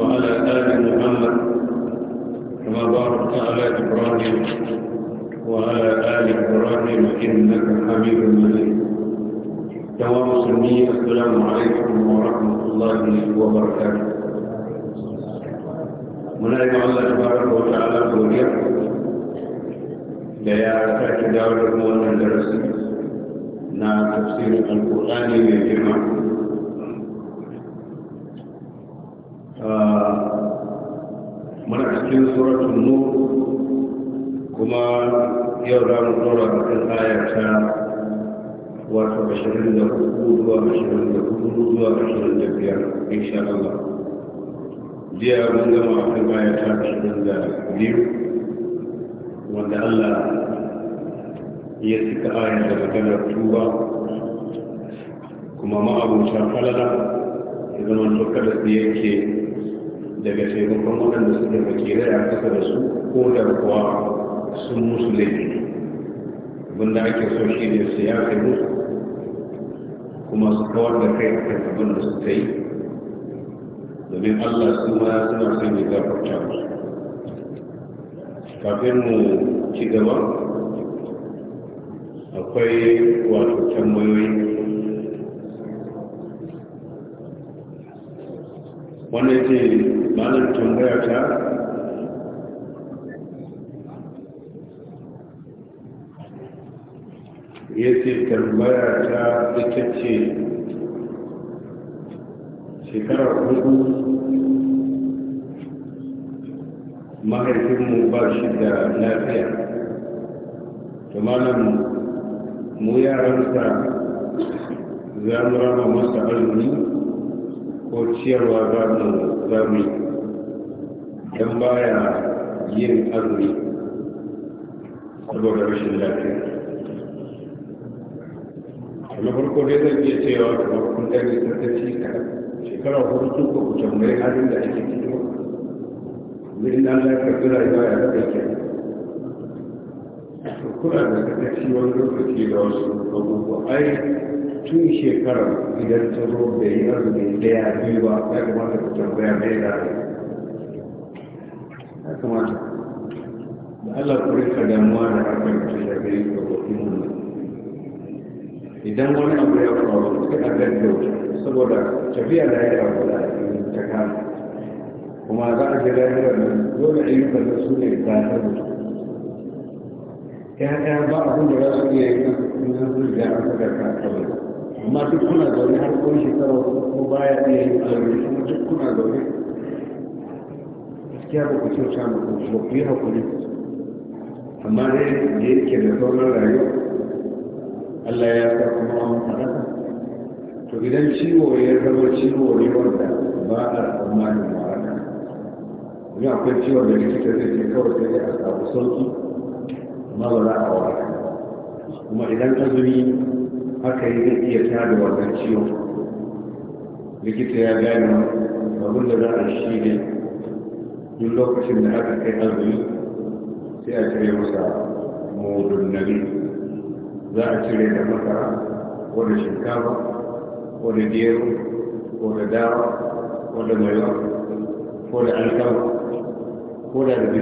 وعلى آل محمد كما باركت على إبراهيم وعلى آل إبراهيم إنك حميد مجيد كما مسلمين السلام عليكم ورحمة الله وبركاته منعم الله تبارك وتعالى بوليا ليا تاكي داود المؤمن درسي نا تفسير القرآن من cikin suratun nur kuma yau za mu tsora a kan ayata wato ashirin da hudu zuwa ashirin da hudu zuwa ashirin da biyar insha Allah jiya mun gama a kan ayata ta ashirin da biyu wanda Allah ya cika aya da maganar tuba kuma ma'abuta falala ya zama to kada su yanke daga taimakon waɗanda suka rai a kasa da su ko da kuwa sun musu laifi abinda ake so shi ne su ya kai musu kuma su kawar da kai a kan abin da suka yi domin allah su ma suna son ya gafarta musu kafin mu ci gaba akwai wato tambayoyi wanda ya ce malar tambaya ta ya ce tambaya ta ita ce shekara hudu mahaifinmu ba shi da lafiya da malam mu yaransa za mu rama masa azumi ko ciyarwa za mu zami don baya yin azumi saboda rashin lafiya kuma farko dai zan iya cewa kamar kun gani sarkaci ka shekara hudu ko ku tambayi halin da ake ciki wurin da Allah ka kira ya baya da ke kuna da sarkaci wani lokaci da wasu abubuwa ai tun shekarar idan ta zo da yi arziki daya biyu ba ya kamata ku tambaya mai da ya kamata da Allah ku rika damuwa da hakan ta shafe ga wakil mu idan wani abu ya faru sai a gaggauta saboda tafiya da ya abu da ta kama kuma za a ga lahirar nan dole ayyukan da su ne ta ta mutu ya ba abin da za su iya yi na zuciya a ta kawai amma duk kuna zaune har kun shekara wasu ko baya iya yin aure kuma duk kuna zaune gaskiya ba ku kyauta ma ku ba ku yi hakuri amma dai da yake da sauran rayuwa Allah ya sa kuma an faɗa to idan ciwo ya zama ciwo ne wanda ba a tsammanin waraka ina akwai ciwon da likita zai ce kawai sai a samu sauki amma ba za a waraka kuma idan azumi haka yi zai iya tada wannan ciwon likita ya gane abin da za a shi ne duk lokacin da aka kai azumi sai a cire masa mudun nabi za a cire da masara ko da shinkafa ko da gero ko da dawa ko da maiwa ko da alkama ko da da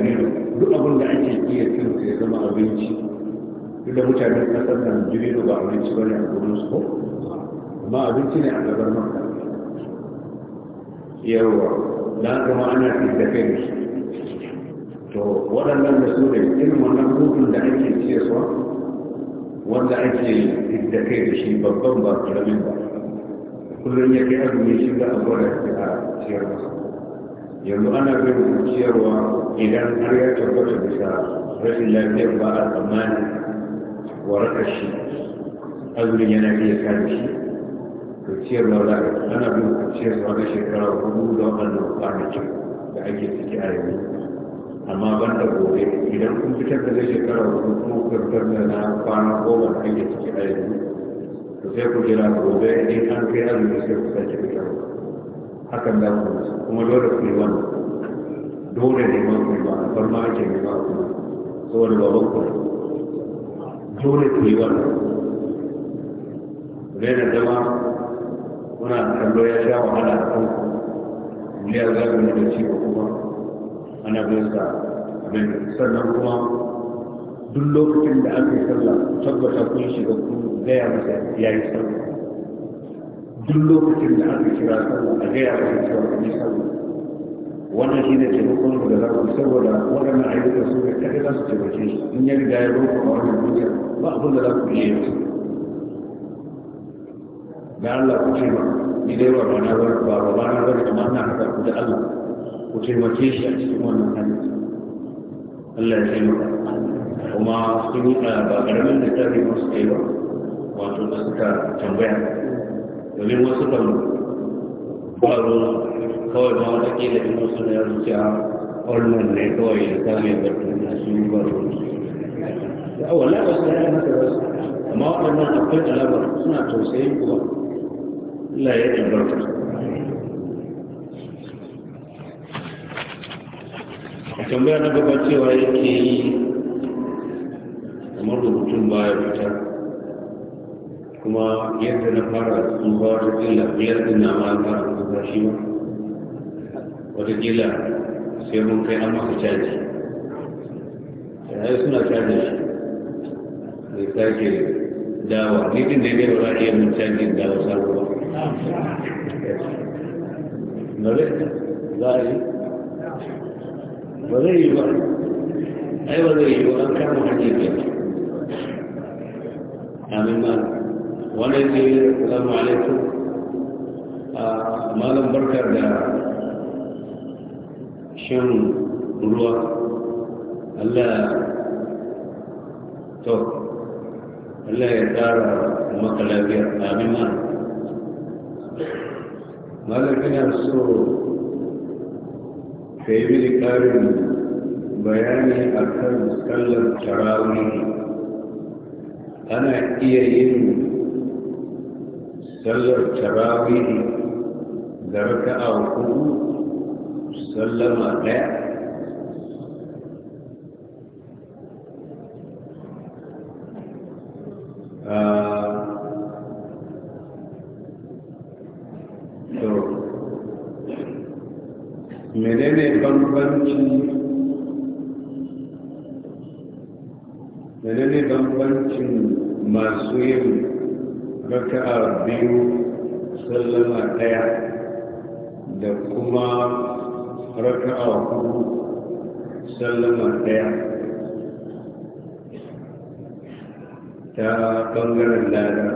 duk abin da ake iya cin sai zama abinci inda mutanen kasar nan jini ba abinci ba ne a gudun su ko amma abinci ne a gabar maka yawa na gama ana tattafe da su to waɗannan da su da irin wannan gudun da ake su wanda ake tattafe da shi babban ba karamin ba kullum ya kai abu azumi shi da abuwa da a ciyar masa yanzu ana bai ciyarwa idan har ya tabbata bisa rashin lafiyar ba a tsammanin warakar shi azumin yana iya kare shi to ciyarwa za a ana bin da na shekara hudu da wadanda wadanda kwanakin da ake ciki a yanzu amma ban da gobe idan kun fitar da zai shekara hudu kuma ku fitar da na kwana goma da ake ciki a yanzu to sai ku jira gobe in an kai azumi sai ku sake fitarwa hakan za ku kuma dole ku yi wannan dole ne ma ku yi ba a farma ake ne ba ku saboda babban ku dole ku yi wannan rai da zama kuna kallo ya sha wahala a kan miliyar zaɓi da ci kuma ana bin sa abin sannan kuma duk lokacin da aka yi sallah tabbata kun shiga ku gaya masa ya yi sallah duk lokacin da aka kira sallah a gaya masa cewa kun yi sallah wannan shi ne taimakon ku da za ku saboda waɗannan ayyuka su ne kaɗai za su taimake shi in ya riga ya roƙa a wannan duniya ba abin da za ku iya yi da Allah ku ce ba ni dai ba ba na ba ba ba ba na ba amma ina haɗa ku da Allah ku taimake shi a cikin wannan hali Allah ya taimaka kuma sun yi ba ƙaramin da tafi masu kai ba wato da suka tambaya domin wasu kan ba ruwan kawai ma wata kila in wasu na yanzu ne kawai ya kame batun na su yi ba ruwansu ya wala ba su yi haka ba amma waɗannan akwai alamar suna tausayin kuwa Allah ya ba barka a tambaya na gaba cewa yake yi kamar rubutun baya fitar kuma yadda na fara tsufa ta kila biyar din na ma fara tsufa shi ba watakila sai mun kai an masa caji yanayi suna caji shi zai sake dawa ni din da ya bai wura iya mun caji dawa sabuwa nare za a yi ba zai yi ba ai ba zai yi ba an kama hanyar ke amin ma wani ce salamu alaikum ah, malam barkar da شن بلوة ألا تو ألا يدار مقلبي أمام ماذا كان يرسل في ذكر بيان أكثر مسكلا تراوني أنا إيهين سلر تراوي درك أو قبوط sallama ɗaya ah, menene bambanci menene bambancin masu yin raka'a biyu sallama ɗaya raka'a hudu sallama daya ta bangaren lada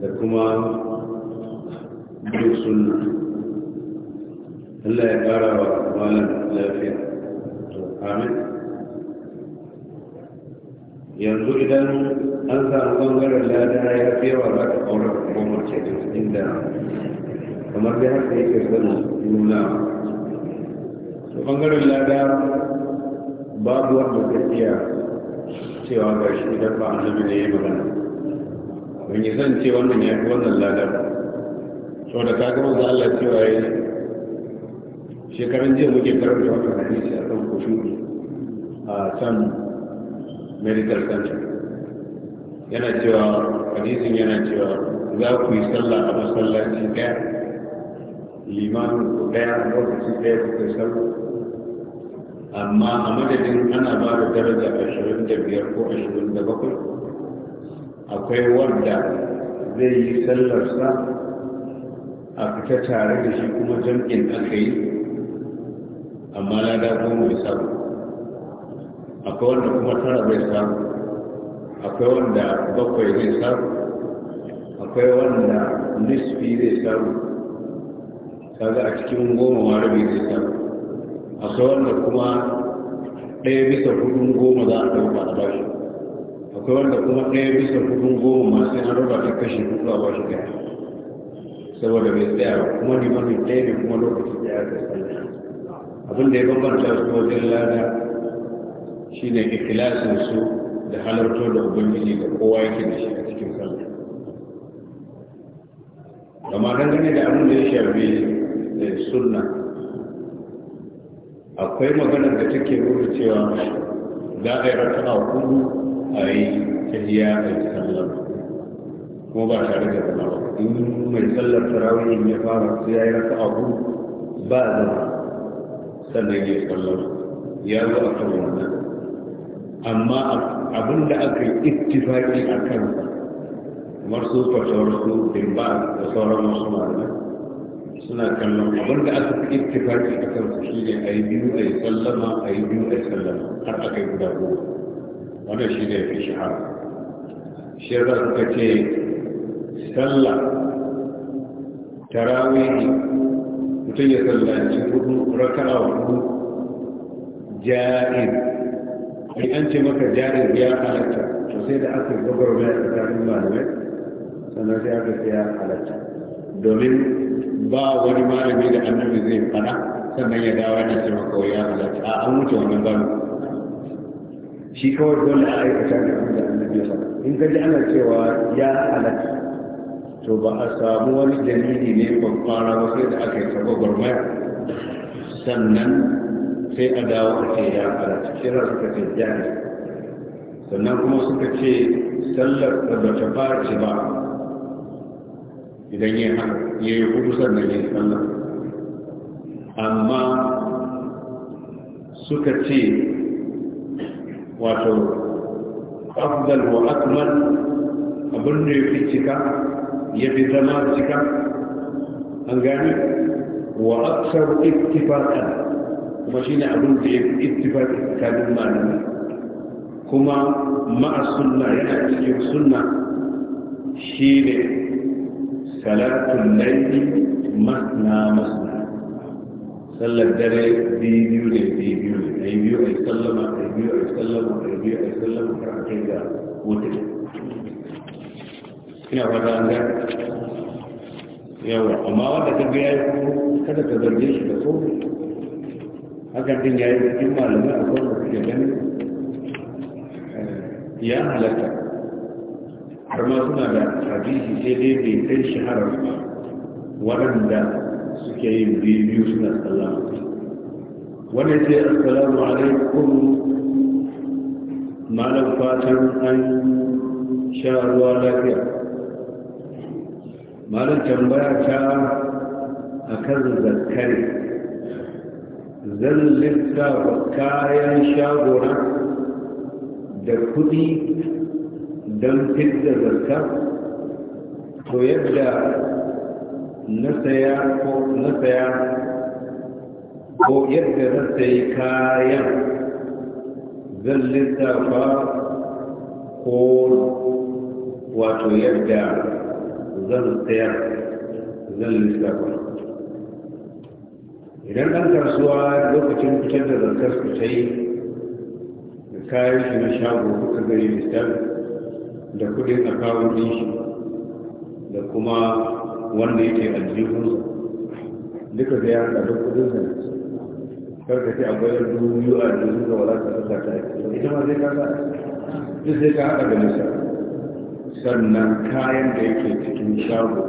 da kuma bin sunna Allah ya ƙara wa malam lafiya to amin yanzu idan an samu bangaren lada ya fi yawa za ka ƙaurar kuma ce inda kamar da haka yake zama nuna bangaren lada babu wanda ta iya cewa ga shi idan ba annabi ne ya magana ban yi zan ce wannan ya fi wannan lada sau da kaga manzo Allah cewa ya shekaran jiya muke karanta wata hadisi a kan kushuri a can medical center yana cewa hadisin yana cewa za ku yi sallah a masallaci daya limanin ku daya lokaci daya ku kai sallah amma a madadin ana ba da daraja ashirin da biyar ko ashirin da bakwai akwai wanda zai yi sallarsa a fita tare da shi kuma jam'in aka yi amma na da mai bai samu akwai wanda kuma tara bai samu akwai wanda bakwai zai samu akwai wanda nisfi zai samu kaga a cikin goma ma zai samu akwai wanda kuma ɗaya bisa hudun goma za a ɗauka a bashi akwai wanda kuma ɗaya bisa hudun goma masu yana roba ta kashe hudu a bashi ɗaya saboda bai tsaya ba kuma mafi ɗaya ne kuma lokaci ya kai sanya abin da ya bambanta su wajen lada shine ikilasin su da halartar da ubangiji da kowa yake da shi a cikin sallah amma dangane da abin da ya shafi eh, sunna akwai maganar da take nuna cewa za a yi rakana kudu a yi tahiya a yi sallar ko ba tare da zama ba in mai sallar tarawih ya fara sai ya yi rakana kudu ba da sannan ya sallar ya zo a kan wannan amma abin da aka yi ittifaki a kansa kamar su fatawar su dimba da sauran wasu malamai suna kallon abin da aka fi ittifaki a kan su shi a yi biyu a yi sallama a yi biyu a yi sallama har a kai guda goma wanda shi ne fi shahara shi ya suka ce sallah tarawihi mutum ya sallaci hudu raka'a hudu ja'ir in an ce maka ja'ir ya halatta to sai da aka yi gwagwarmaya tsakanin malamai sannan sai aka sai ya halatta domin ba wani malami da annabi zai fana sannan ya dawo da cewa kawai ya halatta a an wuce wannan ba shi kawai dole a aikata da abin da annabi ya in ka ji ana cewa ya halatta to ba a samu wani dalili ne fara ba sai da aka yi sabo gwarmaya sannan sai a dawo a ce ya halatta kira suka ce ya sannan kuma suka ce sallar da ta fara ce ba idan ya yi hudu sannan ya sallah amma suka ce wato afdal wa akmal abin da ya fi cika ya fi zama cika an gani, wa aksar ittifaqan kuma shi ne abin da ya fi ittifaqi tsakanin malami kuma ma'a suna yana cikin sunna shine salatun laifi masna masna sallar dare biyu ne biyu ne ai biyu ai sallama ai biyu ai sallama ai biyu ai sallama har a kai ga wutar ina fata an ga yawa amma wanda ka ga yayi kada ka zarge shi da so hakan din yayi cikin malamai a kwanta suke ganin eh, ya halatta har ma suna da hadisi sai dai bai kai shahara ba waɗanda suke yin biyu suna sallama wanda ya ce assalamu alaikum malam fatan an sha ruwa lafiya malam tambaya ta a kan zakari zan lissa kayan shagora da kuɗi. don fidda zarka to yadda na saya ko na ko yadda na sayi kayan zan lissafa ko wato yadda zan sayar zan lissafa idan ɗan kasuwa lokacin fitar da zarkar su ta yi da kayan shi na shago kuka gari lissafi da kudin akawun din shi da kuma wanda yake aljihun duka da ya da kudin sa karka ce a da dubu biyu a dubu da wala ta saka ta ita ma zai kasa duk sai ka haɗa da nisa sannan kayan da yake cikin shago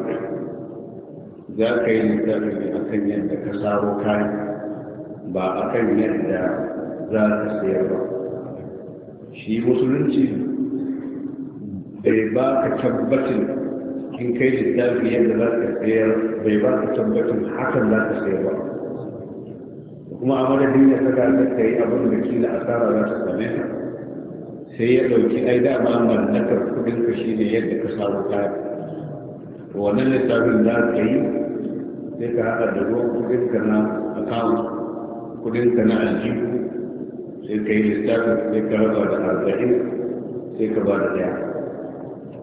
za ka yi lissafi ne a kan yadda ka saro kayan ba a kan yadda za ka sayar ba shi musulunci bai ba ka tabbacin in kai littafi yadda za ka sayar bai ba ka tabbacin hakan za ka sayar ba kuma a madadin ya saka da ka yi abin da kila asara za ta same ka sai ya ɗauki ai dama mallakar kuɗin ka shi ne yadda ka samu kaya wannan littafin za ka yi sai ka haɗa da ruwan kuɗin ka na akawun kuɗin ka na aljihu sai ka yi littafin sai ka raba da arba'in sai ka ba da ɗaya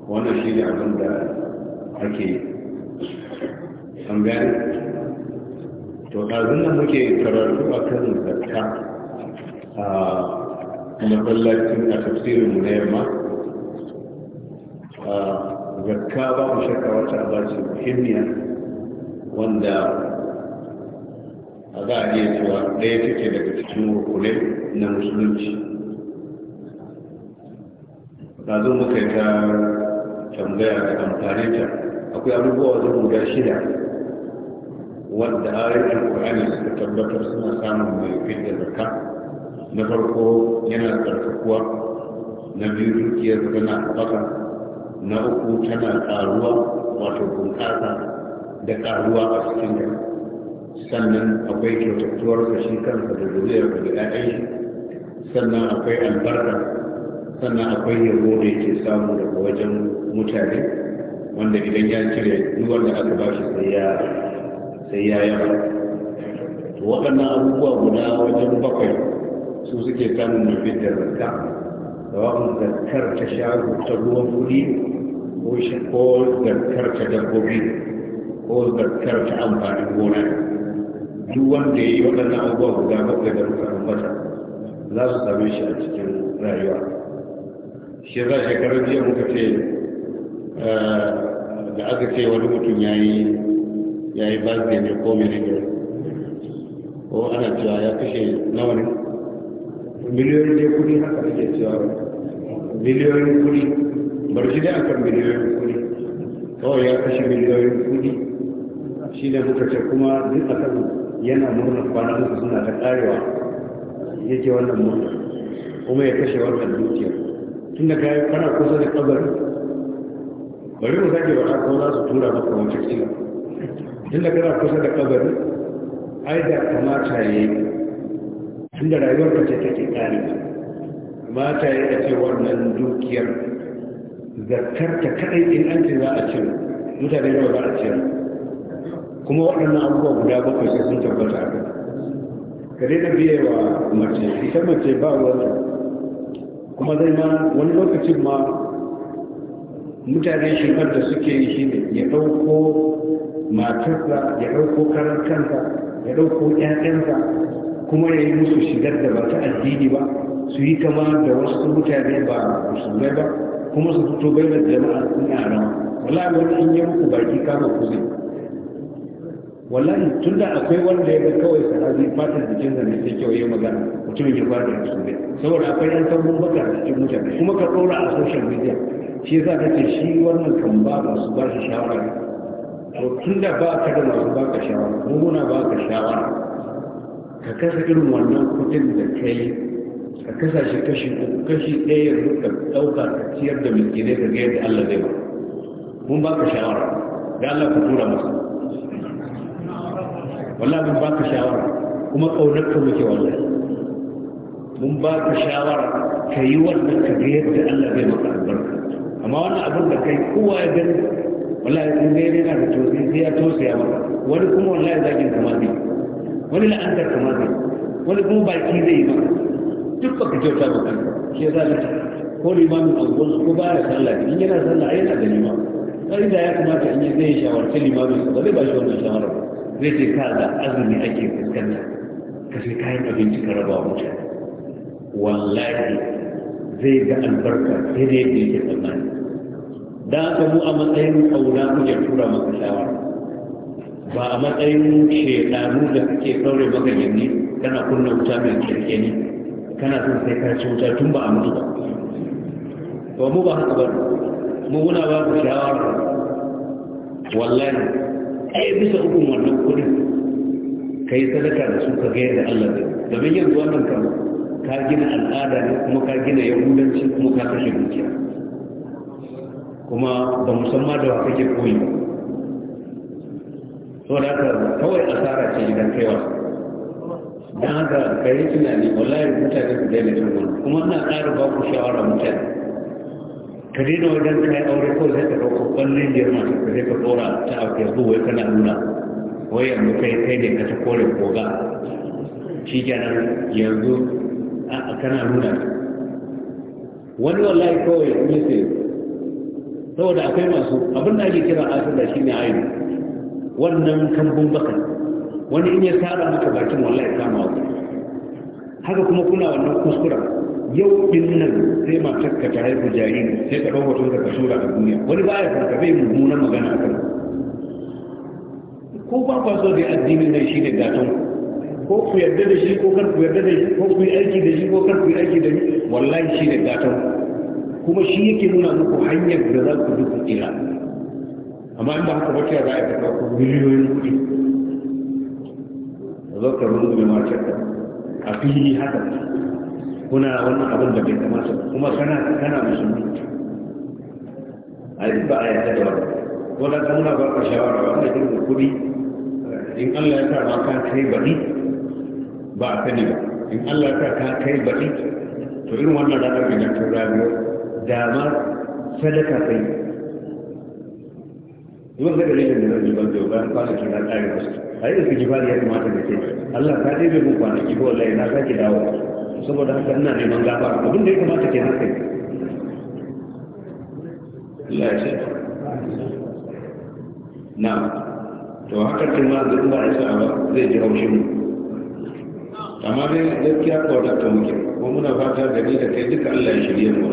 wannan shi ne abin da ake an gani to ɗazin da muke karatu a kan zakka a matsalacin a tafsirin na yamma zakka ba mu shakka wata abaci muhimmiya wanda a za a iya cewa ɗaya take daga cikin rukunai na musulunci ɗazin muka yi ta tambaya da amfani ta akwai abubuwa wajen guda shida wadda ayoyin alƙur'ani suka tabbatar suna samun mai fidda zakka na farko yana tsarkakuwa na biyu dukiyar tana haɓaka na uku tana ƙaruwa wato bunƙasa da ƙaruwa a cikin da sannan akwai kyautattuwar shi kansa da zuriyar da ɗayan sannan akwai albarka sannan akwai yabo da yake samu daga wajen mutane wanda idan ya cire duk wanda aka ba shi sai ya yawa to waɗannan abubuwa guda wajen bakwai su suke samun mafin da zarka da wakon zarkar ta shago ta ruwan kuɗi ko zarkar ta dabbobi ko zarkar ta amfanin gona duk wanda ya yi waɗannan abubuwa guda bakwai da muka ambata za su same shi a cikin rayuwa shi za shekarar jiya muka ce eh, da aka ce wani mutum ya yi ya yi birthday ne ko mene ko ana cewa ya kashe na wani miliyoyin ne kudi haka ake cewa miliyoyin kudi bar shi dai akan miliyoyin kudi kawai ya kashe miliyoyin kudi shi ne muka ce kuma duk a kan yana murna kwana suna ta karewa yake wannan murna kuma ya kashe wannan dukiyar tun da yi kana kusa da kabarin bari mu sake wata ko za su tura maka wancan cikin tun da kana kusa da kabarin ai da kamata ya yi tun da rayuwar ka ce take kare Mata ya ce wannan dukiyar zakar ta kadai in an ce za a ce mutane ne ba a ce kuma waɗannan abubuwa guda bakwai sai sun tabbata a dai ka biyewa mace ita mace ba wani kuma zai ma wani lokacin ma mutane shigar da suke yi shi ne ya ɗauko matarsa ya ɗauko karan ya ɗauko ƴaƴansa kuma ya yi musu shigar da ba ta addini ba su yi kama da wasu mutane ba musulmai ba kuma su fito bai da jama'a a rama wala wani in yi muku baki kama kuzi wallahi tun da akwai wanda ya ga kawai sahabi fatar jikin da ne sai kyau ya magana mutumin ya fara da su ne saboda akwai yan sabon baka da cikin mutane kuma ka ɗora a social media shi ka kace shi wannan kan ba masu ba shi shawara to tun da ba ka da masu ba ka shawara mu muna ba ka shawara ka kasa irin wannan kudin da kai ka kasa shi kashi uku kashi ɗaya yanzu ka ɗauka ka ciyar da gine ka ga yadda Allah zai ba mun ba ka shawara da Allah ka tura masa wallahi mun baka shawara kuma kaunar ka muke wallahi mun baka shawara ka yi wannan ka ga yadda Allah bai maka albarka amma wannan abin da kai kowa ya gani wallahi sun ga yana da tosi sai ya tosaya maka wani kuma wallahi zagin kama zai wani la'antar kama zai wani kuma baki zai yi maka duk baka kyauta ba kanka shi ya zalunta ko limamin anguwar ko ba ya sallah in yana sallah yana da limamin sai da ya kamata in yi zai shawarci limamin ba zai ba shi wannan shawarar zai ce ka da azumi ake fuskanta ka sai kayan abinci ka raba mutane wallahi zai ga albarka sai dai da yake tsammani da aka mu a matsayin ƙauna kuke tura maka shawara ba a matsayin shekaru da suke saurin maka yanni kana kunna wuta mai kirke ne kana son sai ka ci wuta tun ba a mutu ba ba mu ba haka ba mu muna ba ku shawara wallahi ɗaya bisa ukun wannan kudi ka yi sadaka da su ka gaya da Allah da domin yanzu wannan kan ka gina al'ada ne kuma ka gina yahudanci kuma ka kashe dukiya kuma ba musamman da wa kake koyi so da ka kawai asara ce idan kai wasu don haka ka yi tunani wallahi mutane su daina cin kuma ina ƙara ba ku shawara mutane ka daina wajen kai aure ko zai ka ɗauko ƙwallon girma ka zai ka ɗora ta a yanzu wai kana nuna wai yanzu kai kai ne ka ta kore koga shi kenan yanzu a kana nuna wani wallahi kawai yake saboda akwai masu abin da ake kira asila shi ne aini wannan kambun baka wani in ya tsara maka bakin wallahi kama wata haka kuma kuna wannan kuskuren yau din nan sai matar ka ta haihu jariri sai ka ɗau hoton ka shura a duniya wani ba ya ka bai mummunan magana a ko ba kwa so da addinin nan shi ne gatan ko ku yarda da shi ko kar ku yarda da shi ko ku yi aiki da shi ko kar ku yi aiki da shi wallahi shi ne gatan kuma shi yake nuna muku hanyar da za ku duka tsira amma in ba haka ba kira za a taɓa ku miliyoyin kuɗi zo ka rubuta da matar a fili haka kuna wannan abin da bai kamata kuma kana kana musulmi ai ba a da wannan ko da kana ba ka shawara ne din kudi in Allah ya sa ma ka kai bari ba a ne ba in Allah ya sa ka kai bari to irin wannan da kake da tura biyo da ma sadaka kai duk da gare da nan ban da ban ka ki na tsari wasu ai da ki jibali ya kamata da ke Allah ka dai bai mu kwana ki ko wallahi na sake dawo saboda haka ina neman gafara abin da ya kamata ke haka ya ce na to haka ce ma da ba a ba zai ji haushin mu amma dai gaskiya ko da ta muke ko muna fata da ni da kai duka Allah ya shirye mu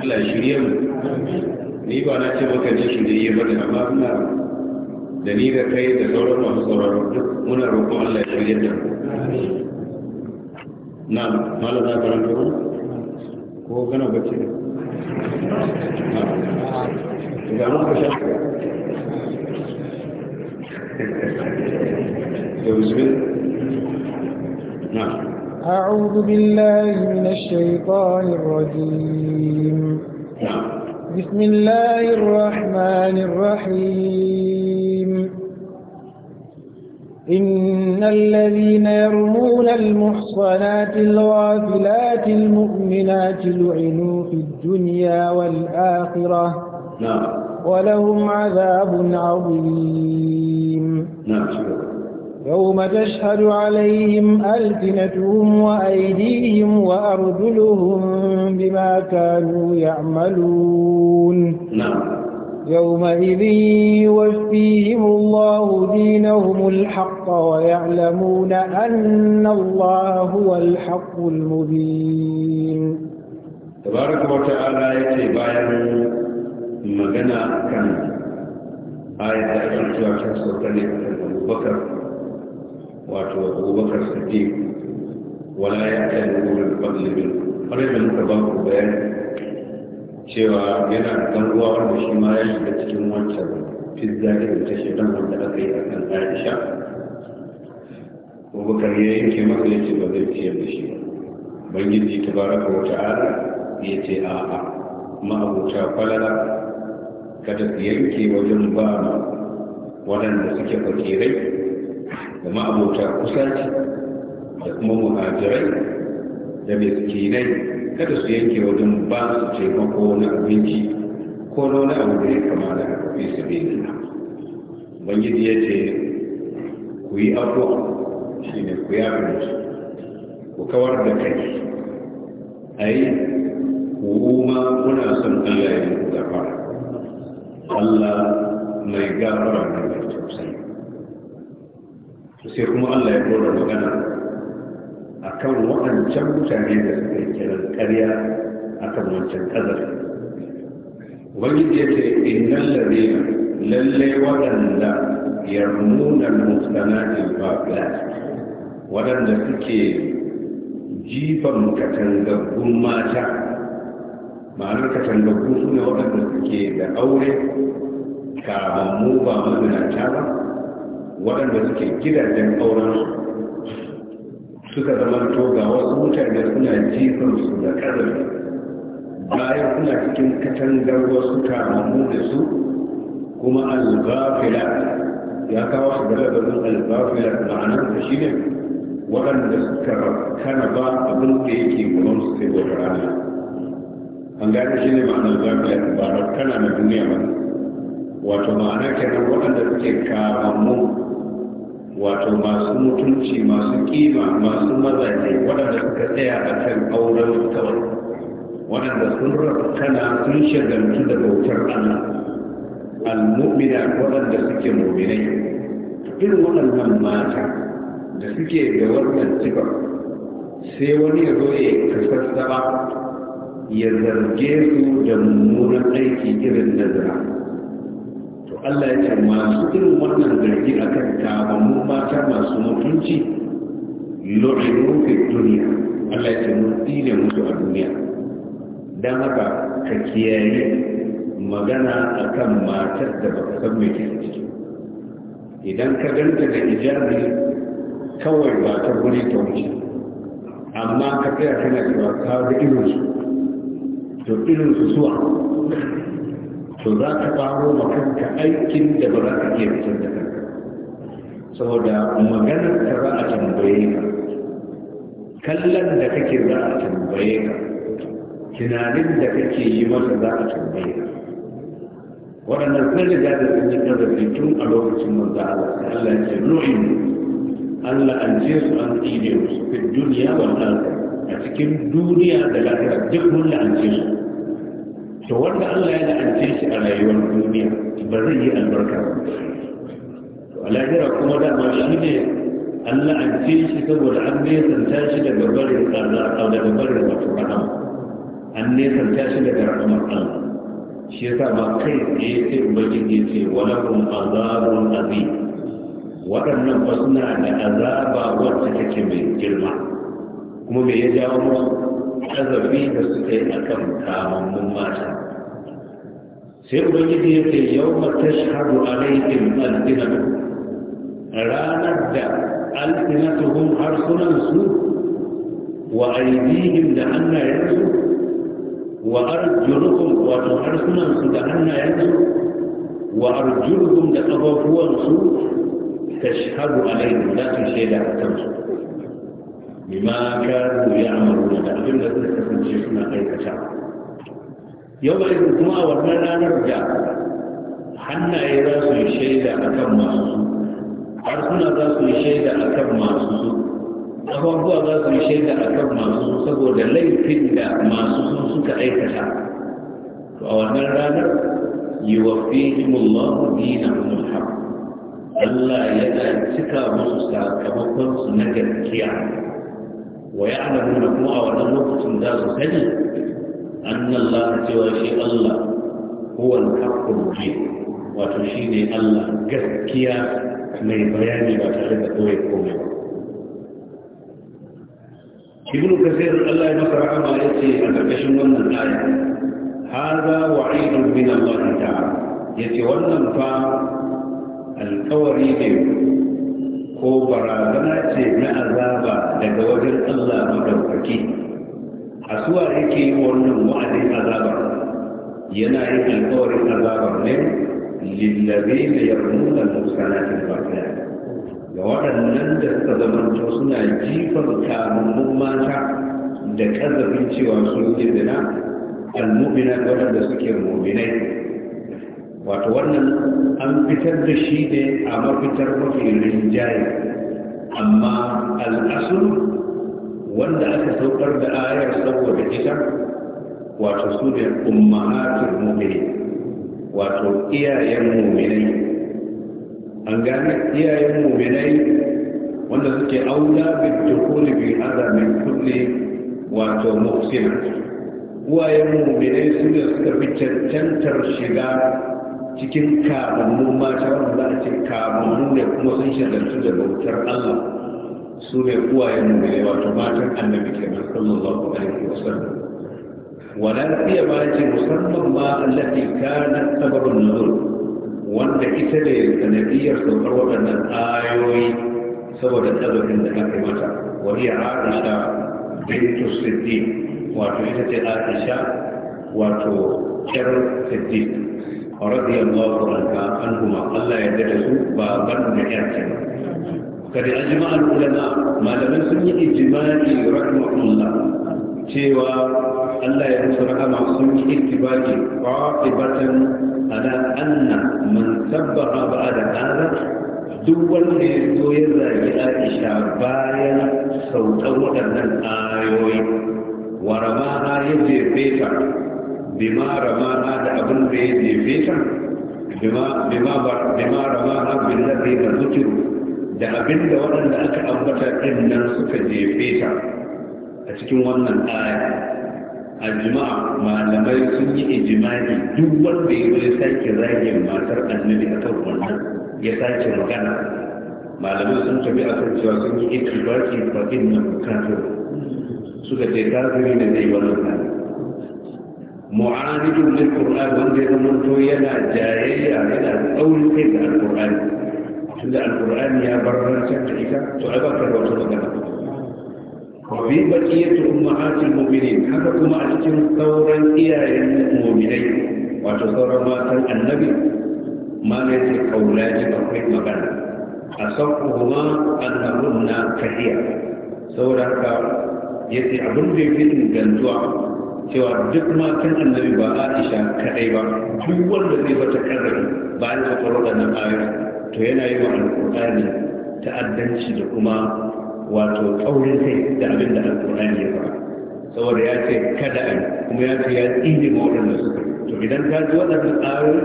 Allah ya shirye mu ni ba na ce maka ne shirye ba ne amma ina da ni da kai da sauran masu sauraro duk muna roƙon Allah ya shirye mu amin نعم ماذا ذكرت تقول هو كان بكثير نعم اذا ما نعم. أعوذ بالله من الشيطان الرجيم نعم. بسم الله الرحمن الرحيم إن الذين يرمون المحصنات الغافلات المؤمنات لعنوا في الدنيا والآخرة نعم ولهم عذاب عظيم نعم يوم تشهد عليهم ألسنتهم وأيديهم وأرجلهم بما كانوا يعملون نعم يومئذ يوفيهم الله دينهم الحق ويعلمون أن الله هو الحق المبين تبارك وتعالى يتي مغنى كان آية أجل شخص وطني أبو بكر وأتو أبو بكر الصديق ولا يأتي أبو الفضل منه قريبا تبارك بيان cewa yana da ɗan uwa wanda shi ma ya shiga cikin wancan fizza da ta shaidan wanda aka yi a kan aisha baka ya yanke masa ya ce ba zai ciyar da shi ba bangiji ta baraka wata ta'ala ya ce a'a ma'abuta kwalala kada su yanke wajen ba ma waɗanda suke fakirai da ma'abuta kusaci da kuma muhajirai da miskinai kada su yanke wajen ba su taimako na abinci ko nuna wani abu da ya kama da fi sabi da nan. ubangiji ya ce ku yi abuwa shi ne ku yafi musu ku kawar da kai a yi kuma kuna son allah ya yi gafara allah mai gafara na mai tausayi sai kuma allah ya kora magana a kan waɗancan mutane da suka kenan ƙarya akan wancan ƙazar wani ya ce innan lare lalle waɗanda yarmuna ba babila waɗanda suke jifan katangaggun mata ma'anar katangaggu su ne waɗanda suke da aure kamammu ba mazinata ba waɗanda suke gidajen aurensu suka zama to ga wasu mutane suna jifan su da kazari bayan suna cikin katangar wasu tamamu da su kuma algafila ya kawo su daga gaban algafila ma'anar da shi ne waɗanda suka kana ba abin da yake gaban su sai wata rana an gane shi ne ma'anar algafila ba kana na duniya ba wato ma'ana kenan waɗanda suke mu. wato masu mutunci masu kima masu mazaje waɗanda suka tsaya a kan auren kawai waɗanda sun tana sun shagaltu da bautar Allah al-mu'mina waɗanda suke mu'minai irin waɗannan mata da suke da wannan tiba sai wani ya zo ya kasassaba ya zarge su da mummunan aiki irin nazara Allah ya ce masu irin wannan zargi a kan tabamu mata masu mutunci lu'inu fi duniya Allah ya ce mun tsine musu a duniya dan haka ka kiyaye magana a kan matar da baka san me ke ciki idan ka ganta da ijabi kawai ba ta guri ta wuce amma ka tsaya kana cewa ka ga irinsu to irinsu suwa to za ka faro ma kanka aikin da ba za ka iya fitar da kanka saboda maganar ka za a tambaye ka kallon da kake za a tambaye ka tunanin da kake yi masa za a tambaye ka waɗannan sun riga da sun yi nazari tun a lokacin manzo Allah sai Allah ya ce nu'in Allah an ce su an tsine su fi duniya wal akhirah a cikin duniya da lafiya duk mun la'ance su to wanda Allah ya la'ance shi a rayuwar duniya ba zai yi albarka a lahira kuma dama shi ne an la'ance shi saboda an nesanta tashi daga barin a daga barin wato rahama an nesanta tashi daga rahamar Allah shi yasa ba kai tsaye sai ubangiji ce wala kun azabun azi. waɗannan ba suna da azaba wacce take mai girma kuma me ya jawo musu azabi da suka yi a kan kamammun mata sai ubangiji ya ce yau mata shahadu alaikin alfinatu ranar da alfinatuhun harsunansu wa aidihim da hannayensu wa arjulukum wato harsunansu da hannayensu wa arjulukum da ƙafafuwansu tashhadu alaihim da su shaida a kansu bima kanu ya'maluna da abin da suka kasance suna aikata yau bai kuma a wannan ranar da hannaye za su yi shaida akan masu su harsuna za su yi shaida akan masu su abubuwa za su yi shaida akan masu su saboda laifin da masu su suka aikata to a wannan ranar yuwaffihimullahu dinahumul haqq Allah yana cika musu sakamakon su na gaskiya ويعلم المجموع أولا وقت دار سجن أن الله سوى شيء الله هو الحق المجيد وتشيني الله جسكيا من بياني وتعرف دوي قوي ابن كثير الله يمسر عما يأتي أن تشمل من الآية هذا وعيد من الله تعالى يتولى الفام الكوري ko barazana ce na azaba daga wajen Allah madaukaki a yake yi wannan wa'adin azabar yana yin alkawarin azabar ne lillabe da yarmuna musanatin fasiya ga waɗannan da suka zamanto suna jifar kamun mata da ƙazafin cewa sun yi zina al-mu'mina waɗanda suke mu'minai wato wannan an fitar da shi ne a mafitar mafi rinjaye amma al'asu, wanda aka saukar da ayar saboda ita wato su ne ummahatul mu'minin wato iyayen mu'minai an gane iyayen mu'minai wanda suke aula bin dukuli bi hada min kulli wato muhsina uwayen mu'minai su ne suka fi cancantar shiga cikin kamammun mata wanda a ce kamammun ne kuma sun shagaltu da bautar Allah su ne uwayen mu ne wato matan annabi kenan sallallahu alaihi wasallam wala fiye ba ce musamman ma allati kana sababun nuzul wanda ita ne sanadiyar saukar waɗannan ayoyi saboda tsabafin da aka mata wani aisha bintu siddiq wato ita ce aisha wato ƙyar siddiq رضي الله عنهما الله يدرس بابا نعيته قد أجمع العلماء ما لم يسمي إجمالي رحمه cewa Allah ya musu rahama sun yi ittibaki qatibatan ala anna man sabbaha ba'da hada duk wanda ya zo ya zagi Aisha bayan sautan waɗannan ayoyi wa ramaha ya jefe bima ramana da abin da ya jefe ta bima ramana bin lafi da zuturu da abin da waɗanda aka ambata ɗin nan suka jefe ta a cikin wannan aya a jima'a malamai sun yi ijimai duk wanda ya ya sake zage matar annabi a kan wannan ya sake magana malamai sun tafi a kan cewa sun yi itibaki bakin na kafin suka ce kafiri da zai wannan معاند للقرآن وانجد منتو ينا جاهية ينا قول قيد القرآن عند القرآن يا برا سمعك تعبك وصدقك وفي بقية أمهات المؤمنين حفظوا أتكم ثورا إلى المؤمنين وتصور ما النبي ما ليس قولان بقيت مكان أصفهما أنهن كثير ثورة يتي أبن في جنتوا cewa duk matan annabi ba aisha kadai ba duk wanda zai bata karrafi ba an taɓa waɗannan ayoyi to yana yi wa alƙur'ani ta'addanci da kuma wato tsaurin kai da abin da alƙur'ani ya fara saboda ya ce kada an kuma ya ce ya tsini ma waɗanda to idan ka ji waɗannan ayar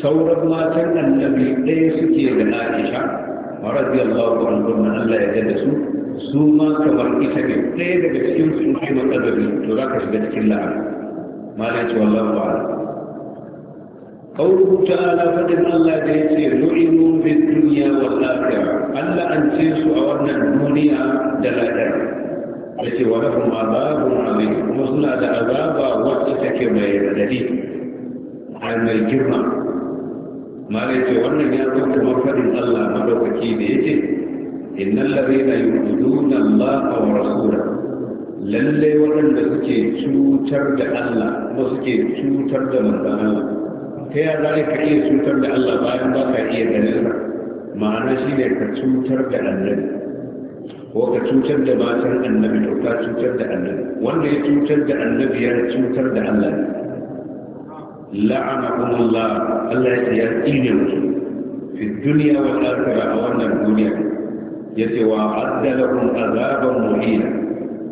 sauran matan annabi ɗaya suke da aisha radiyallahu anhu Allah ya da su suma ka barki sabi ɗaya daga cikin sunshi na ƙadari to za ka shiga cikin la'ar mana ce wallon ba'ar ƙauruhu ta ala da ya ce lu'inu bi duniya wa lafiya allah an ce su a wannan duniya da ladar da ce wani kuma azabun abu kuma suna da azaba wacce take mai radadi har mai girma mana wannan ya zo kuma faɗin allah madaukaki da ya innal ladina yu'minuna allaha wa Lallai lalle waɗanda suke cutar da Allah kuma suke cutar da manzon Allah ta ya za ka iya cutar da Allah bayan ba ka iya ganin sa ma'ana shi ne ka cutar da annabi ko ka cutar da matan annabi to ka cutar da annabi wanda ya cutar da annabi ya cutar da Allah la'anakumullah Allah ya tsine musu fi duniya wal akhirah a wannan duniya ya ce wa addalahum azaban muhina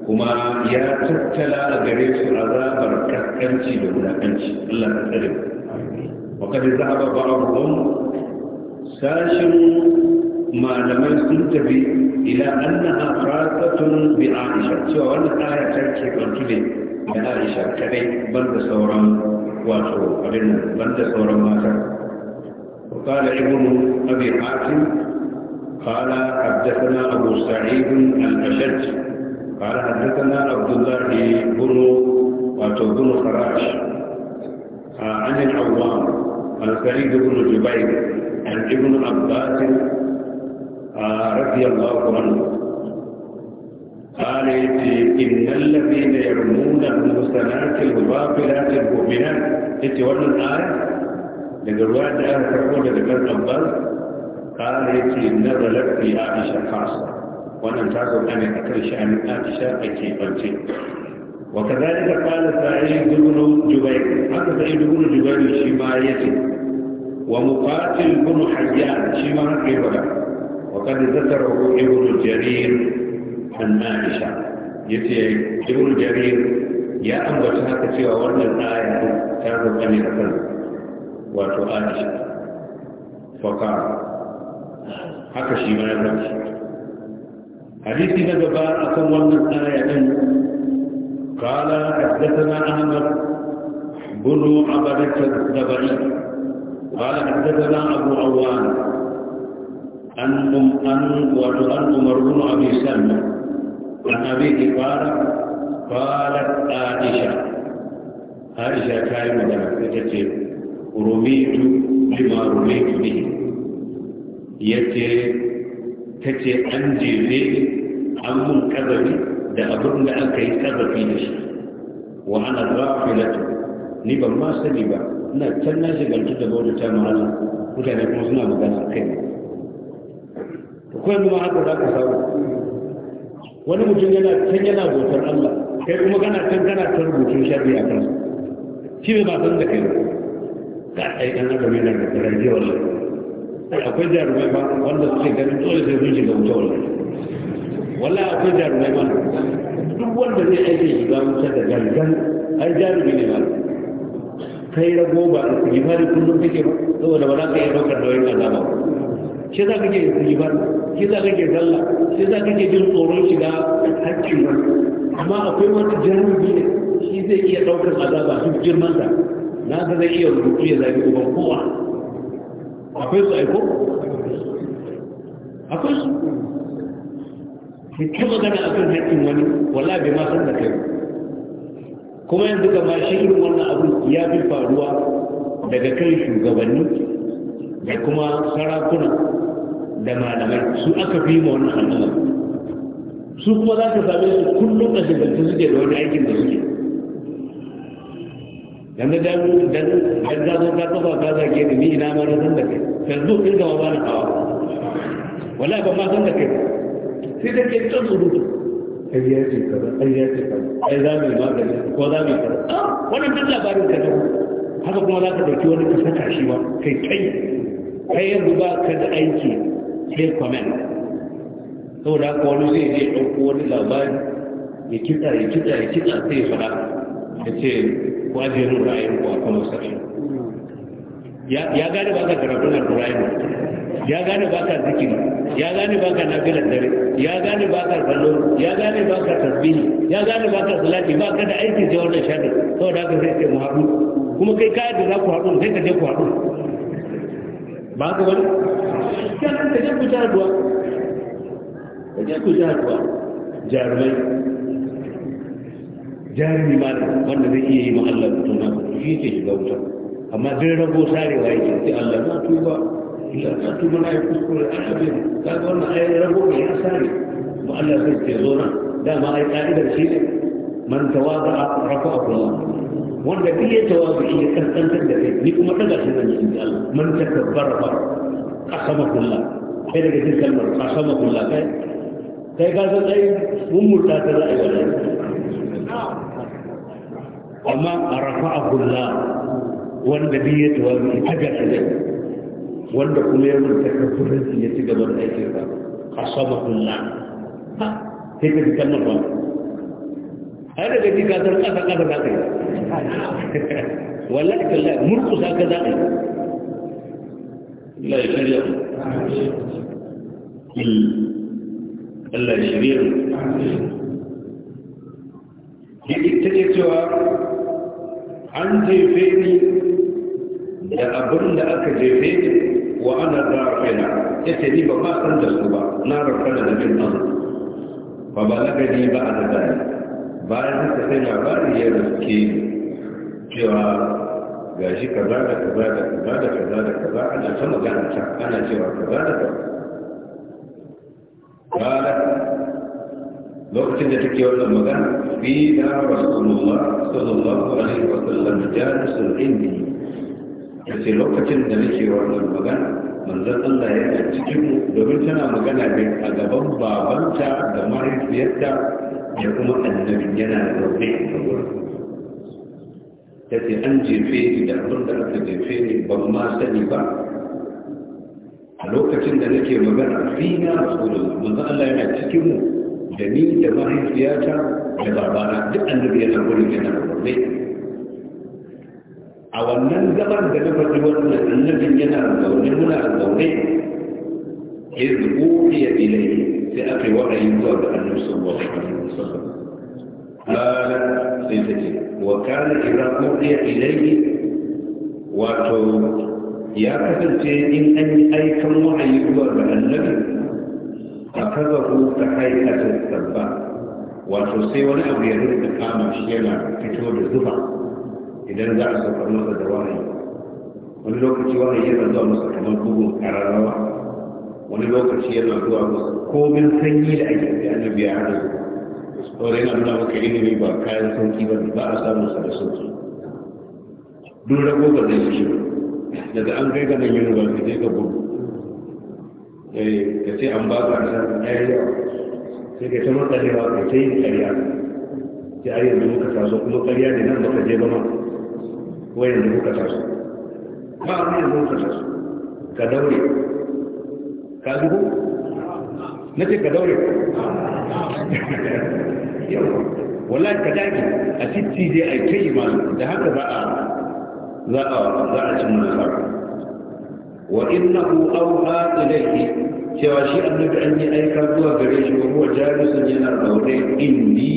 kuma ya tattala a gare su azabar kaskanci da wulakanci Allah ta tsare wa kad zahaba ba'dhum malamai sun tafi ila annaha khasatun bi Aisha cewa wannan aya ta ke bantu ne da Aisha kadai da sauran wato abin da sauran mata وقال ابن أبي حاتم قال حدثنا أبو سعيد الأشج قال حدثنا عبد الله بن بن خراش آه، عن العوام عن سعيد بن جبير عن ابن عباس آه، رضي الله عنه قال إن الذين يرمون المحسنات الغافلات المؤمنات إتي ورد الآية لقد رواد ان آية تقول لقد عباس قال يتي نزلت في عائشة خاصة وأنا تعرف أن أكل شأن عائشة أكي بنتي وكذلك قال سعيد بن جبير هذا سعيد بن جبير شمايتي ومقاتل بن حيان شمار إبرة وقد ذكره ابن جرير عن عائشة يتي ابن جرير يا أنبتها كتير وأن الآية تعرف أن أكل وتؤاشر فقال haka shi ma ya zaci hadisi na gaba akan wannan aya din qala haddathana ahmad بن عبدة الزبري قال حدثنا أبو عوان عن عن عمر بن أبي سلمة عن أبيه قال قالت عائشة عائشة كائنة تتتب رميت بما رميت به ya ce ta ce an jefe an mun kazafi da abin da aka yi kazafi da shi wa ana zafilatu ni ban ma sani ba ina can na shigarci da bauta ta Allah mutane kuma suna magana kai akwai kuma haka za ka samu wani mutum yana can yana bautar Allah kai kuma kana can kana ta rubutun shafi a kansa shi ne ba san da kai ba ga ɗai ɗan adam yana da rage wallahi akwai jarumai ba wanda suke ganin dole sai sun shiga wuta wala wala akwai jarumai ba duk wanda zai aiki shiga wuta da gangan ai jarumi ne ba kai rago ba jihari kullum kake ba saboda ba za ka iya daukar da wani azaba shi za kake jihar shi za kake sallah shi za kake jin tsoron shiga hakkin ba amma akwai wani jarumi ne shi zai iya daukar azaba duk girman sa na ga zai iya rubutu ya zaɓi uban kowa akwai su aiko akwai su ke magana a kan haƙƙin wani wala bai ma san da kai kuma yanzu ga shi irin wannan abu ya fi faruwa daga kan shugabanni da kuma sarakuna da malamai su aka fi ma wannan al'amari su kuma za ka same su kullum a su suke da wani aikin da suke yanzu da mu dan dan ka zo ka kafa ka zage ni ni ina ma na san da kai yanzu din ga ba na hawa wallahi ba ma san da kai sai da ke ta zuru kai ya ce kaza ai ya ce kaza ai za mu magani ko za mu kaza Wani duk labarin ka ne haka kuma za ka dauki wani ka saka shi ba kai kai kai yanzu ba ka da aiki sai comment saboda ko wani zai je ɗauko wani labari ya kitsa ya kitsa ya kitsa sai ya faɗa ya ce ku ajiye mun ra'ayin ku akan ya gane ba ka karatun al-Qur'ani ya gane ba ka zikiri ya gane ba ka nafilar dare ya gane ba ka sallo ya gane ba ka tasbihi ya gane ba ka salati ba ka da aiki je wannan shaɗin saboda ka sai ce mu haɗu kuma kai ka da za ku haɗu sai ka je ku haɗu ba ka wani sai ka je ku jaruwa ka je ku jaruwa jarumai jarumi malam wanda zai iya yi ma Allah tuna shi ke shiga wuta amma dai rago sarewa yake ce Allah na tuba ila ka tuba na yi kuskure ana ka ga wannan ayar rago ne ya sare kuma Allah zai ke zo da ma ai ka'idar shi ne man tawaza a Allah wanda duk ya tawaza shi ya kankantar da kai ni kuma daga shi nan shi Allah man takabbara ba kasama kullu kai daga cikin kalmar kasama kullu kai kai ka san ai mun murta ta yi wannan وما رفعه الله والنبي حجر له والنقل يوم تكفر في الله ها هيك بكم مرة هذا الذي قدر قدر قدر ولكن لا مرق ذاك ذاك لا يشريع قل الله يشريع هيك an jefe ni da abin da aka jefe ni wa ana rafina ya ce ni ba ma san da su ba na rafa da bin an ba ba na gani ba a ne bayan haka sai labari ya riske cewa ga shi kaza da kaza da kaza da kaza da kaza ana ta magana ta ana cewa kaza da kaza lokacin da take wannan magana fi da rasulullah sallallahu alaihi wa sallam jalisun indi yace lokacin da nake wannan magana manzon Allah yana cikin domin tana magana ne a gaban babanta da mahaifiyarta da kuma annabi yana da rubi a wurin ta ce an jefe ni da abin da aka jefe ni ban ma sani ba a lokacin da nake magana fi na rasulullah manzon Allah yana cikin mu da ni da mahaifiyata da babana duk annabi yana gurin yana zaune a wannan zaman da na faɗi wannan annabin yana zaune muna zaune iz uqiya ilayhi sai aka yi wa'ayi zuwa ga annabi sallallahu alaihi wasallam qala sai ta ce wa kana idza uqiya ilayhi wato ya kasance in an yi aikan wa'ayi zuwa ga annabi a kaza ku ta kai a sabba wato sai wani abu ya rinka kama shi yana fito da zuba idan za a sauka masa da wahayi wani lokaci wahayi yana zuwa masa kamar bugun kararrawa wani lokaci yana zuwa masa komin sanyi da ake bi annabi ya hada saboda yana nuna maka ilimi ba kayan sauki ba ba a samun sa da sauki duk rago ba zai shi daga an kai ga nan yin ruwa ka je ka Eh, ka ce an ba ka nan ya yi yawa sai ka ta matsalewa ka ta yin karya sai a yanzu muka taso kuma karya ne nan baka je ba ma ko yanzu muka taso ba a ne yanzu muka taso ka daure ka dubu na ce ka daure yawa wala ka dage a titi dai a kai ma da haka za a za a za a cin nasara wa innahu awha ilayhi cewa shi annabi an yi aika zuwa gare shi wa huwa jalisun yana daure indi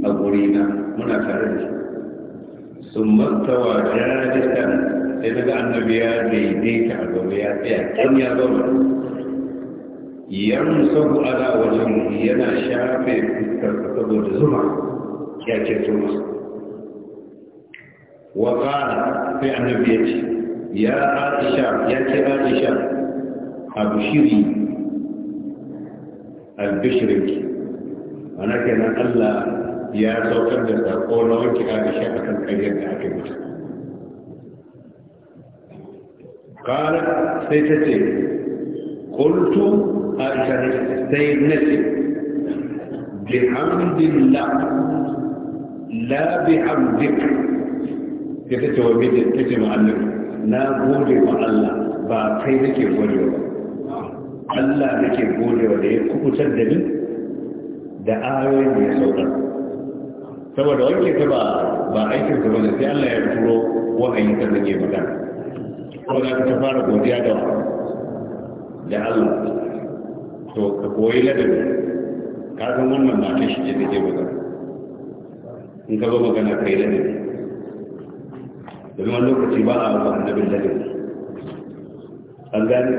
a gurina muna tare da shi summa tawa jalisan sai daga annabi ya daidaita a gaba ya tsaya kan ya Yan yamsahu ala wajen yana shafe fuskar saboda zuma ya ce tuma wa qala sai annabi ya ce ya aisha ya ce aisha abushiri albishirinki ana kenan allah ya saukar da sako na wanke aisha a kan karyar da aka mutu kara sai ta ce kultu aisha sai nace bihamdillah la bihamdik ta ce wa mijin ta ce ma'allin na gode wa Allah ba kai nake gode wa Allah nake gode wa da ya kubutar da ni da ayoyin da ya saukar saboda wanke ta ba ba aikin ta bane sai Allah ya turo wa'ayi ta nake magana ko za ta fara godiya da da Allah to ka koyi ladabi ka san wannan ta shi da ke magana in ka ba magana kai ladabi domin wani lokaci ba a wata annabin ladin an gani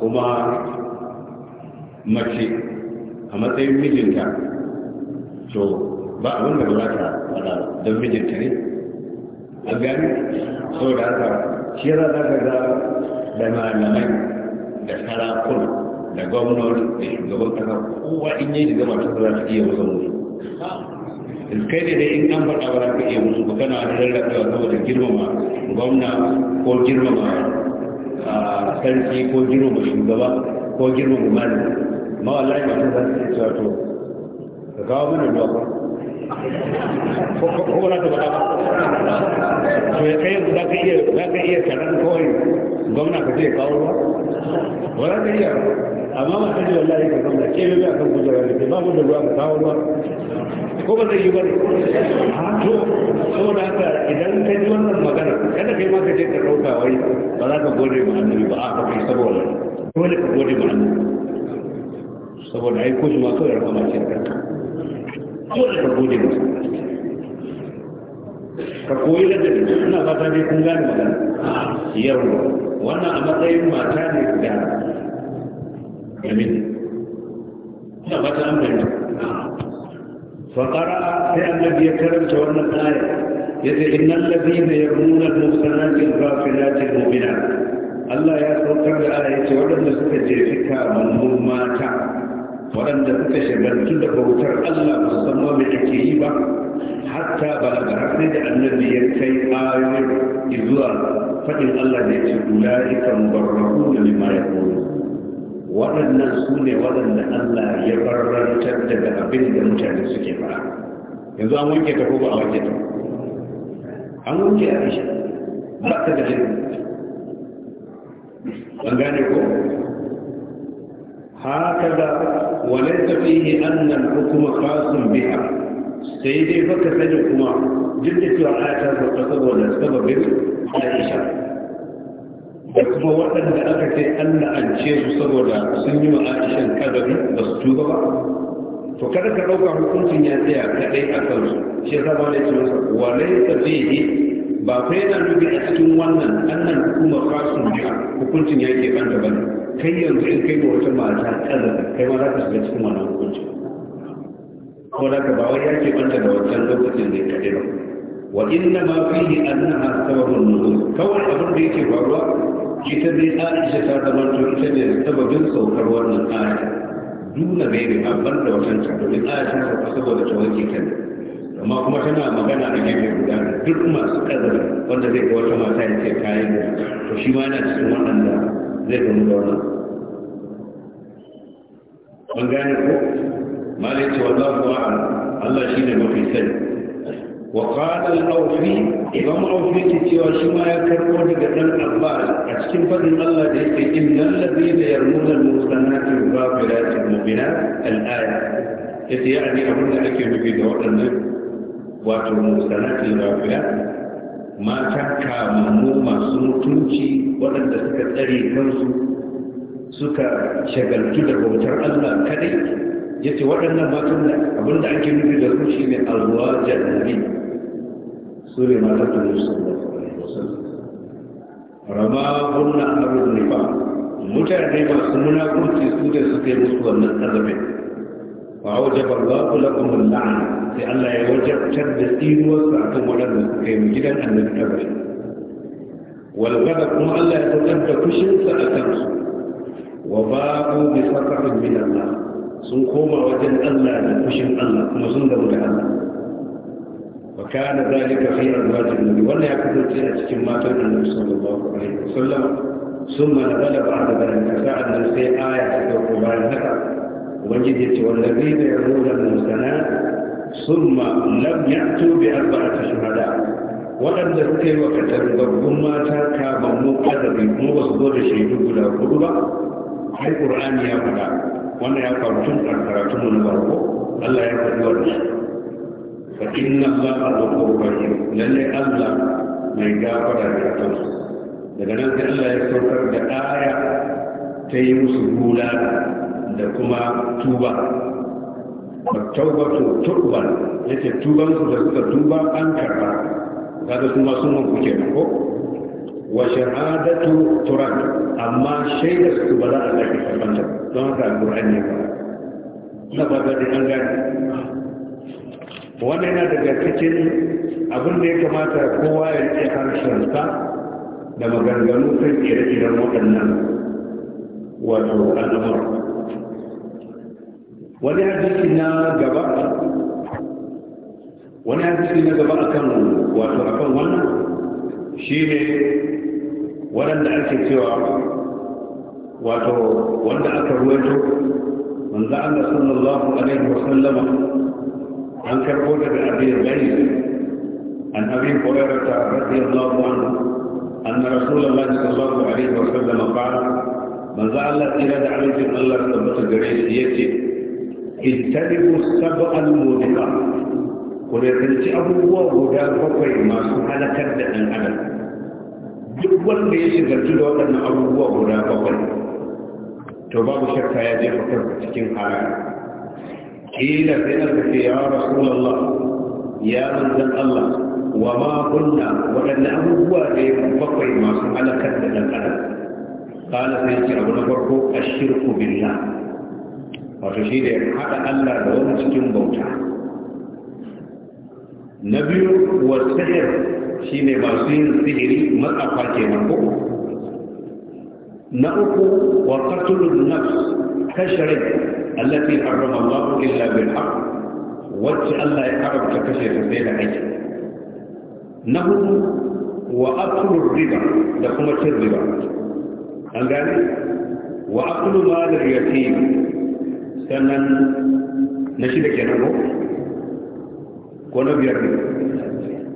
kuma mace a matsayin mijinta to ba abin da ba za ta fada don mijinta ne an gani sau da haka shi yana za ka ga da malamai da sarakun da gwamnati da shugaban kasa kowa in yi da zama ta za ta iya wasan musu kai ne da in an faɗa ba ka iya musu ba kana da rarrabewa saboda girmama gwamna ko girmama sarki ko girmama shugaba ko girmama mali ma wallahi masu ta san cewa to ka kawo mana ruwa ba ko ko na ta ba to ya kai ba ka iya za ka iya karan kawai gwamna ka ce kawo ruwa ba za ka iya amma ma ta ji wallahi ka gwamna ke bai kan kujerar da ke ba mu da ruwa ka kawo ruwa ko ba zai yi ba ne a ah, to saboda haka idan ka ji wannan magana kada kai ma ka je ka ɗauka wai ba za ka gode ma annabi ba a ka kai saboda dole ka gode ma annabi saboda ai ko shi ma kawai rafa ma cin kanka dole ka gode ma ka koyi da dare ina fata dai kun gane magana yau wannan a matsayin mata ne ga Amin. Ina fata an fahimta. fakara sai annabi ya karanta wannan ayar ya ce inna allazi ne ya nuna musana ke zafira ce mumina Allah ya saukar da ala ya waɗanda suka jefi fika mummu waɗanda suka shagaltu da bautar Allah ba su san ma me yi ba hatta ba a ga hafi da annabi ya kai ayoyin zuwa faɗin Allah ne ya ce ula'ika mubarrahu da lima ya koyo waɗannan su ne waɗanda Allah ya barrantar daga abin da mutane suke ba yanzu an wanke ta ba a wanke ta an wanke a isha ba ta da jini an gane ko haka da walai tafiye annan hukuma fasun biya sai dai baka sani kuma duk da cewa ta sauka saboda sababin aisha da kuma waɗanda aka ce an la'ance su saboda sun yi wa aishan kadari ba su tuba ba to kada ka ɗauka hukuncin ya tsaya kaɗai a kansu shi ya zama da cewa walai ta fiye ba fa yana nufi a cikin wannan annan kuma fasun biya hukuncin ya ke banta ba ne kai yanzu in kai wata mata kadari kai ma za ka shiga cikin wannan hukuncin ko da ka ba wai ya ke banta da wancan lokacin ya kaɗai ba وإنما فيه أنها سبب النزول كون أبن بيك فاروا كتبه آئشة تاتمنتو كتبه سبب سوكر ورن آية duna bai bai abban da wasan ta domin aya ta sauka saboda tawaki kan amma kuma tana magana a gefe guda duk masu kazara wanda zai ga wata mata ya kayan da to shi ma yana cikin waɗanda zai gamu da wannan an gane ko malai ce wa za Allah shi ne mafi sani وقال الأوفي إمام أوفي كتوى شما يكرر لقد الأخبار da فضل الله ذلك إن الذين يرمون المحسنات الغافلات المؤمنات الآية إذ يعني da ake nufi da waɗannan wato musanatin rafiya mata kamammu masu mutunci waɗanda suka tsare kansu suka shagaltu da bautar Allah kadai ya ce waɗannan matan da da ake nufi da su shi ne alwajen nabi سوري سوره مدد صلى الله عليه وسلم رما قلنا ارض النفاق متى الربا سمنا كل شيء سوده سوده مسوى من الكذب فاوجب الله لكم اللعن في ان لا يوجد شد السين وسعكم ولا نسكين جدا ان نكتب والغدق ما الا يتكلم كشن سالتمس وباقوا بفقر من الله سنقوم وجن الله بكشن الله ثم سنقوم الله wa kana zalika fi azwajin nabi wannan ya kasance a cikin matan annabi sallallahu alaihi wasallam summa nabala ba'da dalika sa'an sai aya ta dauko bayan haka ubangiji ya ce da yaruna al-musanat summa lam ya'tu bi arba'ati shuhada waɗanda suka yi wa katangabbun mata kamammu ƙadari kuma ba su zo da shaidu guda hudu ba ai ƙur'ani ya faɗa wannan ya faru tun a karatunmu na farko allah ya faɗi wannan fa inna allaha ghafurur rahim lalle allah mai gafara da kansu daga nan sai allah ya saukar da aya ta yi musu hula da kuma tuba tawbatu tuban yace tuban su da suka tuba an karba kaga su ma sun ku kenan ko wa shahadatu turan amma shaidar su ba za a sake karbanta don haka alƙur'ani ba na ba da an gani wannan yana daga cikin abin da ya kamata kowa ya ce harshensa da maganganu kan ire-iren waɗannan wato al'amur wani hadisi na gaba wani hadisi na gaba akan wato akan wannan shi ne waɗanda ake cewa wato wanda aka ruwaito manzo Allah sallallahu alaihi Wasallama. عن بن أبي الغيث عن أبي هريرة رضي الله عنه أن رسول الله صلى الله عليه وسلم قال من زالت إلى دعوة الله سبحانه وتعالى يأتي اجتنبوا السبع الموبقة قل يتنسي أبو وغدا وفي ما سبحانه كدد أن أنا جبل ليش ترتد أن أبو وغدا وفي توبا مشكا في حكم تكين حالا kila sai aka ce ya rasulullah ya manzan Allah wa ma kunna waɗanne abubuwa ne bakwai masu halakar da ɗan adam kala sai ce abu na farko ashirku billah wato shi da haɗa Allah da wani cikin bauta na biyu wasahir shi ne masu yin sihiri matsafa kenan ko نأك وقتل النفس كشرك التي حرم الله إلا بالحق وجه الله يحرم كشرك بين عيش نهو وأكل الربا لكم الربا قال وأكل مال اليتيم سنن نشيدك نمو ونبيرك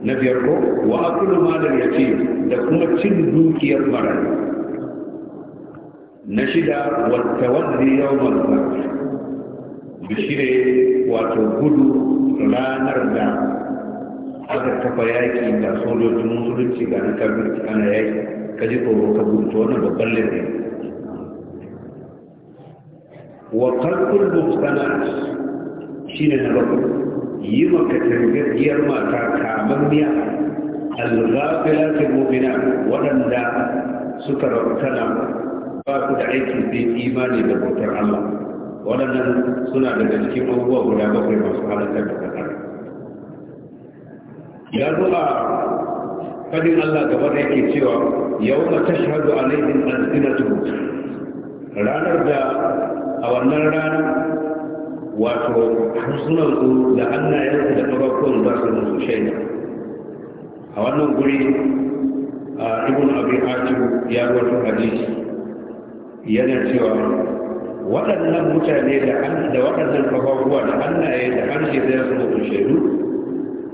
نبيرك وأكل مال اليتيم لكم تشد دوكي المرأة na shida wata wanda yawon da shire wato gudu ranar da aka kafa yaƙi da sojojin musulunci ga na kabirci ana yaƙi ka ji tsoro ka gudu ta wani babban laifin wa kalkul mustana shi ne na bakwai yi maka tarbiyyar mata kamammiya al-ghafilatul mu'mina waɗanda suka rautana ba su da aiki sai imani da bautar Allah waɗannan suna daga cikin abubuwa guda bakwai masu halittar da kasar ya zo a fadin Allah gaba da yake cewa yau ma tashhadu alaihim alsinatu ranar da a wannan rana wato harsunan su da hannayensu da ƙafafuwan za su musu shaida a wannan guri a ibn abin hatim ya wato hadisi yana cewa waɗannan mutane da an da waɗannan kafafuwa da hannaye da harshe zai su mutu shaidu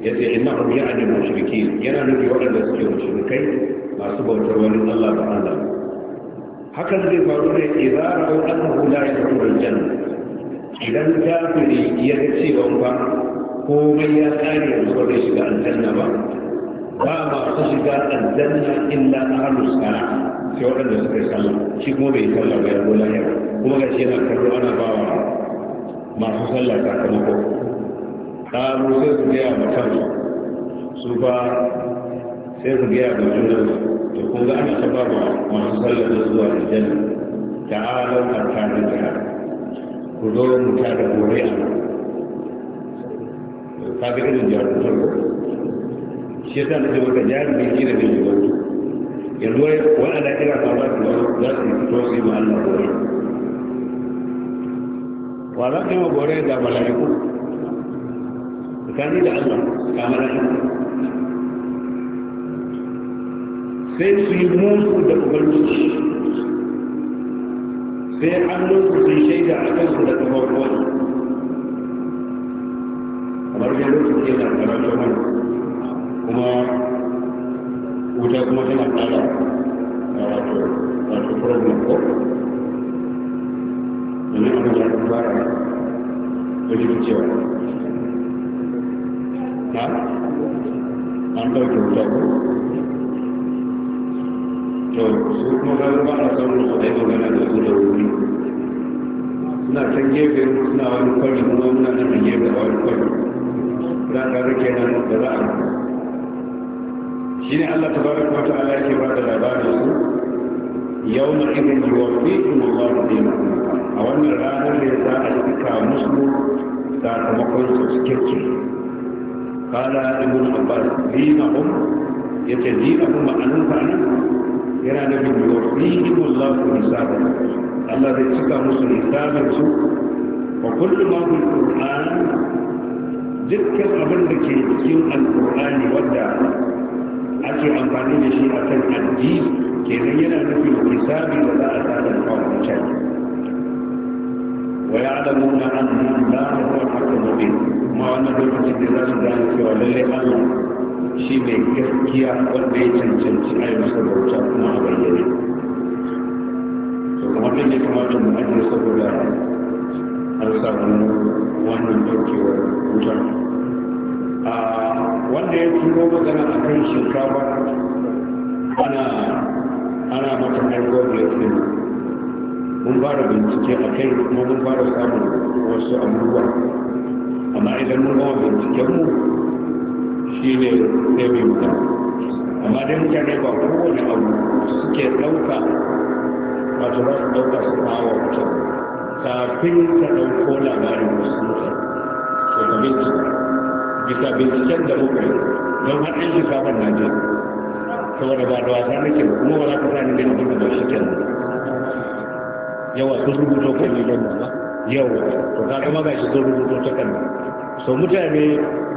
ya ce ina kuma ya ne mushriki yana nufi waɗanda suke mushrikai masu bautar wani Allah da Allah hakan zai faru ne idan ra'au annahu la yadkhulu al-janna idan kafiri ya ce ba komai ya tsare ba zai shiga aljanna ba ba masu shiga aljanna illa ahlus sana, sai waɗanda suka yi sallah shi kuma bai yi sallah ba ya gona yau kuma ga shi na kallo ana ba wa masu sallah sakamako ƙaru sai su gaya ma kansu su ba sai su gaya ma junansu to kun ga ana ta ba masu sallah da zuwa aljanna ta'alau a tare da ku zo mu tada gore a kaga irin jarumtar shi yasa nake maka jarumi shi ne mai yiwuwa yanzu waɗanda kira ba su za su fito su yi ma Allah gore wa za ka yi wa gore ga mala'iku tsakani da Allah ga mala'iku sai su yi musu da ubangiji sai hannunsu sun shaida a kansu da kamar wani kamar yadda suke na karatun wani kuma wuta kuma tana kara a wato wato problem ko domin abin ya fi fara wajen cewa an ɗauke wuta ko to su kuma ba ba na samu su ɗaya magana da su da wuri suna can gefe suna wani kwari kuma muna nan gefe a wani kwari za ka rike nan da za a shine Allah tabaraka wa ta'ala yake ba da labarin su yawma idin yuwaffikum Allah dinakum a wannan ranar da za a cika musu sakamakon su cikakke kala ibn abbas dinahum yace dinahum ma'anan sa nan yana da bin yuwaffikum Allah nisaban Allah zai cika musu nisaban su wa kullu ma fil qur'an dukkan abin da ke cikin alqur'ani wanda ake amfani da shi a kan addini nan yana nufin hisabi da za a tsada da kawo mutane wa ya adamu na an allaha huwa al haka mabe ma wannan lokacin da za su gane cewa lallai Allah shi mai gaskiya wanda ya cancanci a yi masa bauta kuma a bayyane to kamar da ne kamata mu ajiye saboda an samu wannan daukewar wutar wanda ya turo magana a kan shinkafa ana ana mata haihuwar blessing mun fara bincike a kai kuma mun fara samun wasu abubuwa amma idan mun gama mu shi ne sai mai mutane amma dai mutane ba kowane abu suke ɗauka wato ba su ɗauka su kawo mutum kafin ta ɗauko labarin wasu mutum to ka bisa binciken da muka yi don har an shi samun na je saboda ba da wasa nake ba kuma wala kusa ne ne da ba shi kenan yawa sun rubuto kan yi don ba yawa to ka ga shi sun rubuto ta kan so mutane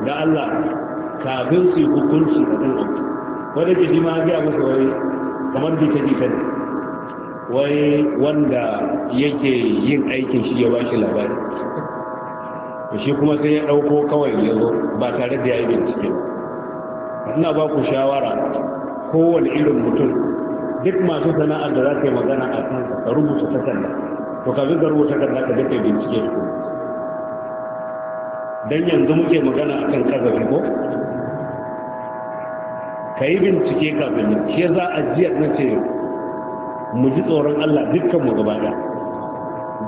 da Allah kafin su yi hukunci a kan su wanda ke jima ga musu wai kamar jita jita ne wai wanda yake yin aikin shi ya ba shi labari shi kuma sai ya ɗauko kawai ya zo ba tare da ya yi bincike ina ba ku shawara kowane irin mutum duk masu sana'ar da za ka yi magana a kan ka rubuta takarda to ka bi ka rubuta takarda ka je ka bincike ku. dan yanzu muke magana akan kazafi ko ka yi bincike kafin nan ke za a jiya na ce mu ji tsoron Allah dukkan mu gaba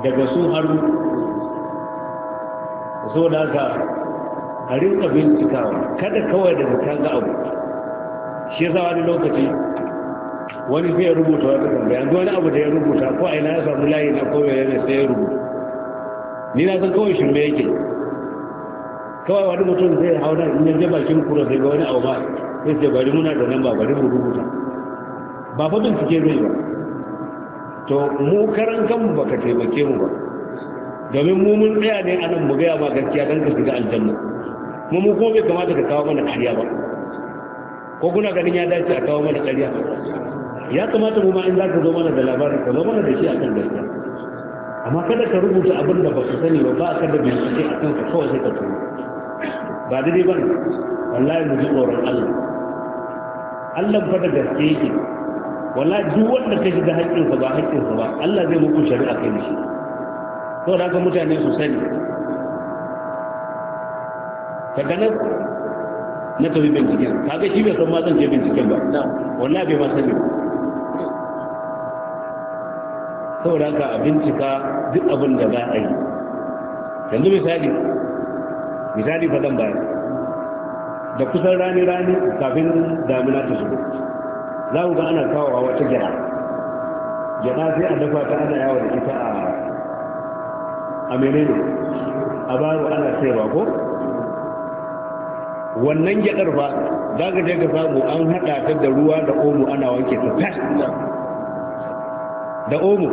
daga sun har so da haka a rinka bincikawa kada kawai da ka ga abu shi yasa wani lokaci wani sai ya rubuta wata tambaya yanzu wani abu da ya rubuta ko a ina ya samu layi na ko ne sai ya rubuta ni na san kawai shirme yake kawai wani mutum zai hau nan in yanzu bakin kura sai ga wani abu ba sai ce bari muna da nan ba bari mu rubuta ba fa bincike zai ba to mu karan kanmu baka taimake mu ba domin mu mun tsaya ne a nan mu gaya ma gaskiya don ka shiga aljanna mu mu ko bai kamata ka kawo mana kariya ba ko kuna ganin ya dace a kawo mana ƙarya ya kamata mu ma in za ka zo mana da labarin ka zo mana da shi akan gaskiya amma kada ka rubuta abin da ba su sani ba ba ka da bincike a kanka kawai sai ka tsoro ba daidai ba ne wallahi mu ji tsoron Allah Allah fa da gaske yake wallahi duk wanda ka shiga haƙƙinsa ba haƙƙinsa ba Allah zai muku shari'a kai mishi. ko da ga mutane su sani daga nan na tafi binciken kaga shi bai san ma zan je binciken ba wannan bai ma sani ba da ka a bincika duk abin da za a yi yanzu misali misali fa ba bayar da kusan rani-rani kafin damina ta shigo za ku ga ana kawowa wata gida gida sai a dafa ta ana yawo da ita a a menene a baro ana ba ko wannan gyadar ba za ka je ka samu an haɗa ta da ruwa da omo ana wanke ta fes. da omo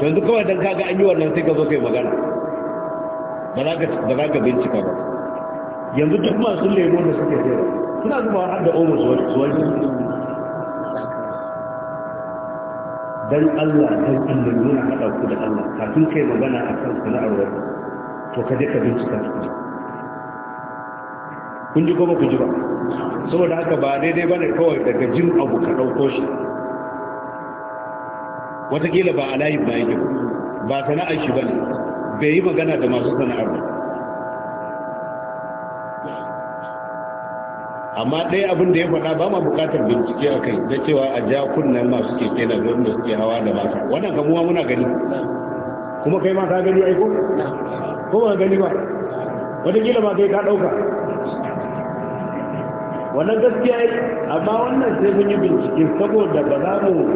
yanzu kawai don kaga an yi wannan sai ka zo kai magana ba za ka bincika ba yanzu duk masu lemo da suke ba suna zuba har da omo su wani dan Allah dan Allah nuna haɗa ku da Allah kafin kai magana a kan sana'ar to ka je ka bincika su kun ji goma ku ji ba saboda haka ba daidai ba ne kawai daga jin abu ka ɗauko shi Wataƙila ba a layin ba yake ba sana'ar shi ba ne bai yi magana da masu sana'ar ba amma ɗaya abin da ya faɗa ba ma buƙatar bincike a kai da cewa a ja kunnen masu keke na da suke hawa da masu wannan kamuwa muna gani kuma kai ma ka gani iko? ko ba gani ba wataƙila ma kai ka ɗauka wannan gaskiya yi amma wannan sai mun yi bincike saboda ba za mu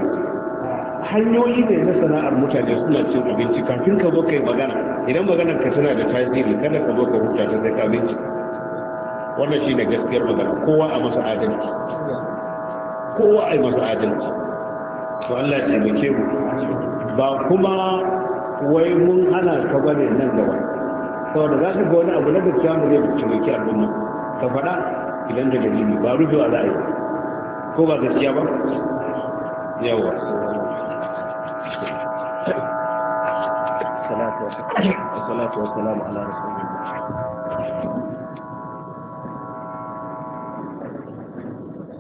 hanyoyi ne na sana'ar mutane suna cin abinci kafin ka zo kai magana idan magana ka tana da tasiri kada ka zo ka huta ta sai ka bincike wannan shi ne gaskiyar magana kowa a masa adalci kowa a masa adalci to Allah ya muke mu ba kuma wai mun hana ka bane nan gaba saboda za ka ga wani abu na gaskiya mu zai ci al'umma ka faɗa idan da dalili ba rufewa za a yi ko ba gaskiya ba yawa salatu wasu salamu ala الله